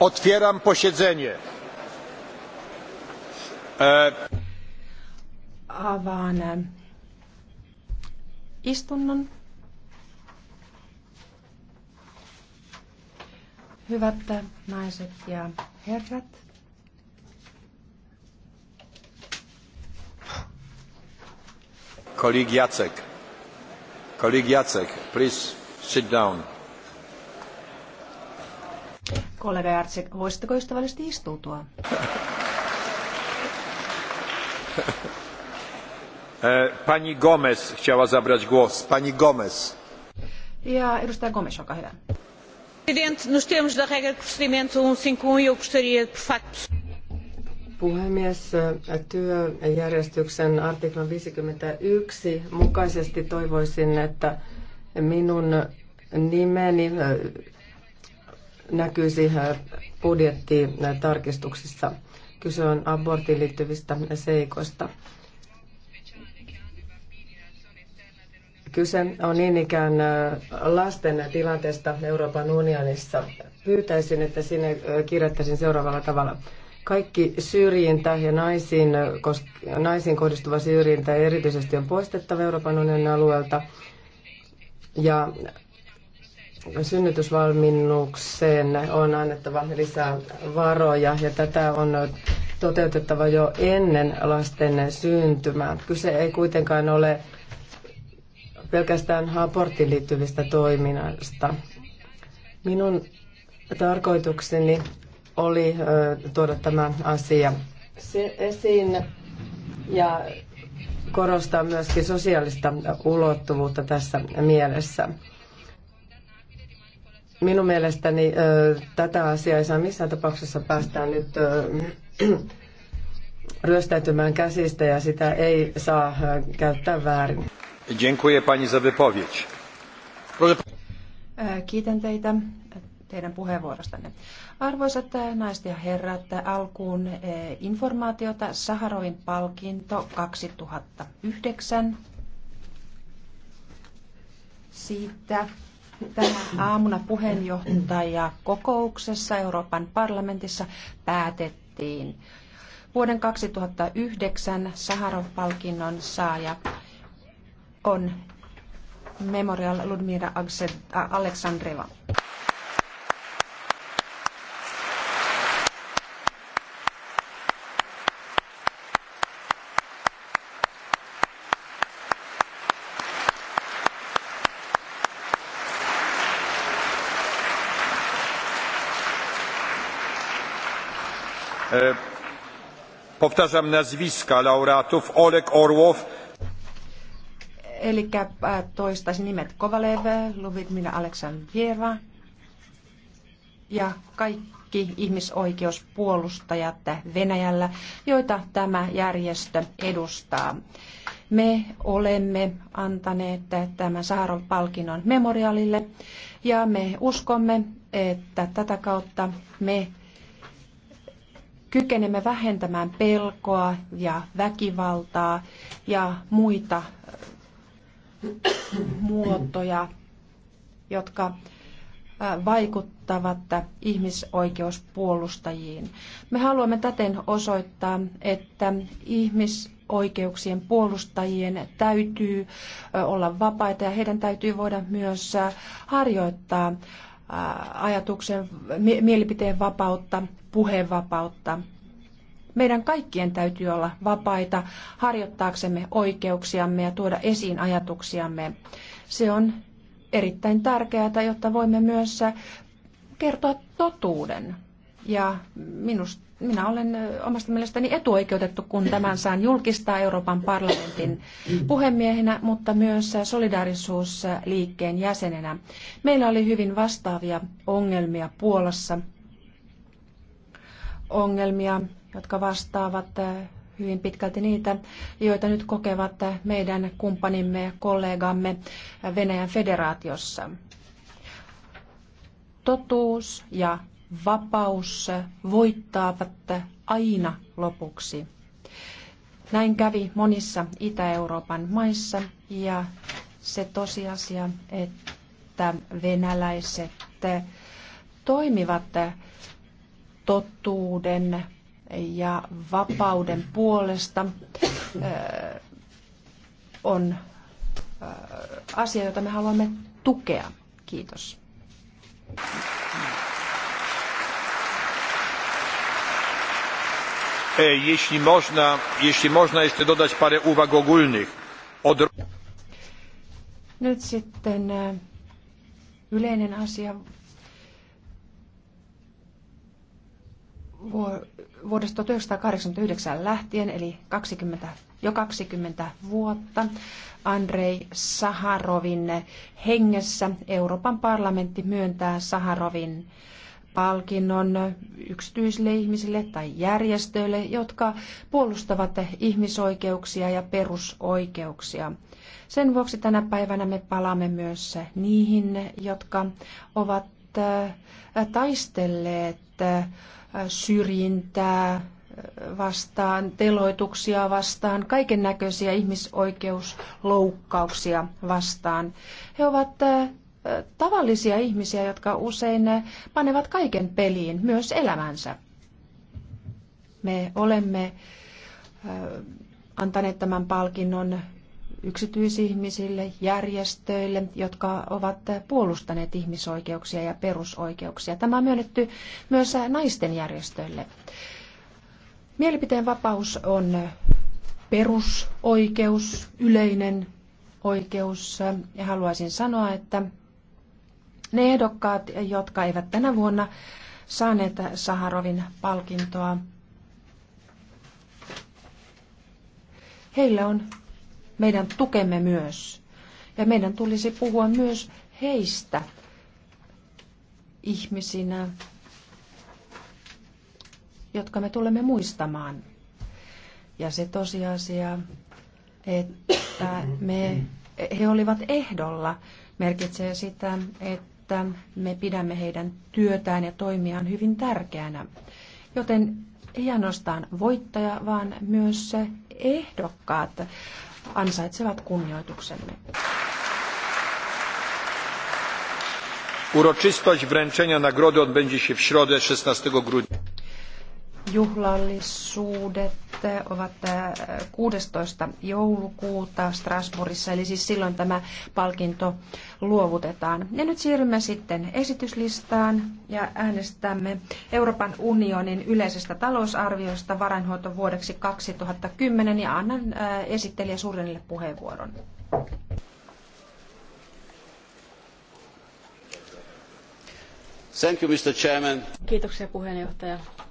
Otwieram posiedzenie. E, Avaan e, istunnon. Hyvät naiset ja herrat, kollegi Jacek. Colleague Jacek, please sit down. Kollega Jacek, voisitteko ystävällisesti istuutua? E, pani Gomez chciała zabrać głos. Pani Gomez. Ja edustaja Gomes, olkaa hyvä. Presidente, nos termos da regra de procedimento 151, um um e eu gostaria de facto... Puhemies, työjärjestyksen artiklan 51 mukaisesti toivoisin, että minun nimeni näkyisi budjettitarkistuksissa. Kyse on aborttiin liittyvistä seikoista. Kyse on niin ikään lasten tilanteesta Euroopan unionissa. Pyytäisin, että sinne kirjoittaisin seuraavalla tavalla. Kaikki syrjintä ja naisiin, naisiin kohdistuva syrjintä erityisesti on poistettava Euroopan unionin alueelta. Ja synnytysvalmennukseen on annettava lisää varoja ja tätä on toteutettava jo ennen lasten syntymää. Kyse ei kuitenkaan ole pelkästään aborttiin liittyvistä toiminnasta. Minun tarkoitukseni oli tuoda tämä asia se esiin ja korostaa myöskin sosiaalista ulottuvuutta tässä mielessä. Minun mielestäni tätä asiaa ei saa missään tapauksessa päästään nyt ryöstäytymään käsistä ja sitä ei saa käyttää väärin. Dziękuję pani za wypowiedź. Kiitän teitä teidän puheenvuorostanne. Arvoisat eh, naiset ja herrat, eh, alkuun eh, informaatiota Saharoin palkinto 2009. Siitä tänä aamuna puheenjohtaja kokouksessa Euroopan parlamentissa päätettiin vuoden 2009 Saharov-palkinnon saaja on Memorial Ludmira Aleksandreva. E, powtarzam nazwiska laureatów Oleg Orłow. Eli e, toistaisin nimet Kovalev, Luvitmina Aleksandrieva ja kaikki ihmisoikeuspuolustajat Venäjällä, joita tämä järjestö edustaa. Me olemme antaneet tämän Saharov-palkinnon memorialille ja me uskomme, että tätä kautta me kykenemme vähentämään pelkoa ja väkivaltaa ja muita muotoja, jotka vaikuttavat ihmisoikeuspuolustajiin. Me haluamme täten osoittaa, että ihmisoikeuksien puolustajien täytyy olla vapaita ja heidän täytyy voida myös harjoittaa Äh, ajatuksen, mielipiteen vapautta, puheenvapautta. Meidän kaikkien täytyy olla vapaita harjoittaaksemme oikeuksiamme ja tuoda esiin ajatuksiamme. Se on erittäin tärkeää, jotta voimme myös kertoa totuuden. Ja minusta minä olen omasta mielestäni etuoikeutettu, kun tämän saan julkistaa Euroopan parlamentin puhemiehenä, mutta myös solidaarisuusliikkeen jäsenenä. Meillä oli hyvin vastaavia ongelmia Puolassa, ongelmia, jotka vastaavat hyvin pitkälti niitä, joita nyt kokevat meidän kumppanimme ja kollegamme Venäjän federaatiossa. Totuus ja vapaus voittaavat aina lopuksi. Näin kävi monissa Itä-Euroopan maissa ja se tosiasia, että venäläiset toimivat totuuden ja vapauden puolesta eh, on eh, asia, jota me haluamme tukea. Kiitos. E, jeśli można, jeśli można jeszcze dodać parę uwag ogólnych. Od... Nyt sitten e, yleinen asia vuodesta 1989 lähtien, eli 20, jo 20 vuotta, Andrei Saharovin hengessä Euroopan parlamentti myöntää Saharovin palkinnon yksityisille ihmisille tai järjestöille, jotka puolustavat ihmisoikeuksia ja perusoikeuksia. Sen vuoksi tänä päivänä me palaamme myös niihin, jotka ovat äh, taistelleet äh, syrjintää vastaan, teloituksia vastaan, kaiken näköisiä ihmisoikeusloukkauksia vastaan. He ovat äh, tavallisia ihmisiä, jotka usein panevat kaiken peliin, myös elämänsä. Me olemme antaneet tämän palkinnon yksityisihmisille, järjestöille, jotka ovat puolustaneet ihmisoikeuksia ja perusoikeuksia. Tämä on myönnetty myös naisten järjestöille. Mielipiteen vapaus on perusoikeus, yleinen oikeus ja haluaisin sanoa, että ne ehdokkaat, jotka eivät tänä vuonna saaneet Saharovin palkintoa, heillä on meidän tukemme myös. Ja meidän tulisi puhua myös heistä ihmisinä, jotka me tulemme muistamaan. Ja se tosiasia, että me, he olivat ehdolla, merkitsee sitä, että että me pidämme heidän työtään ja toimiaan hyvin tärkeänä. Joten ei ainoastaan voittaja, vaan myös ehdokkaat ansaitsevat kunnioituksemme. Uroczystość wręczenia nagrody odbędzie się w środę 16 grudnia. Juhlallisuudet ovat 16. joulukuuta Strasbourgissa, eli siis silloin tämä palkinto luovutetaan. Ja nyt siirrymme sitten esityslistaan ja äänestämme Euroopan unionin yleisestä talousarviosta varainhoitovuodeksi 2010 ja annan esittelijä Suurenille puheenvuoron. Thank you, Mr. Chairman. Kiitoksia puheenjohtaja.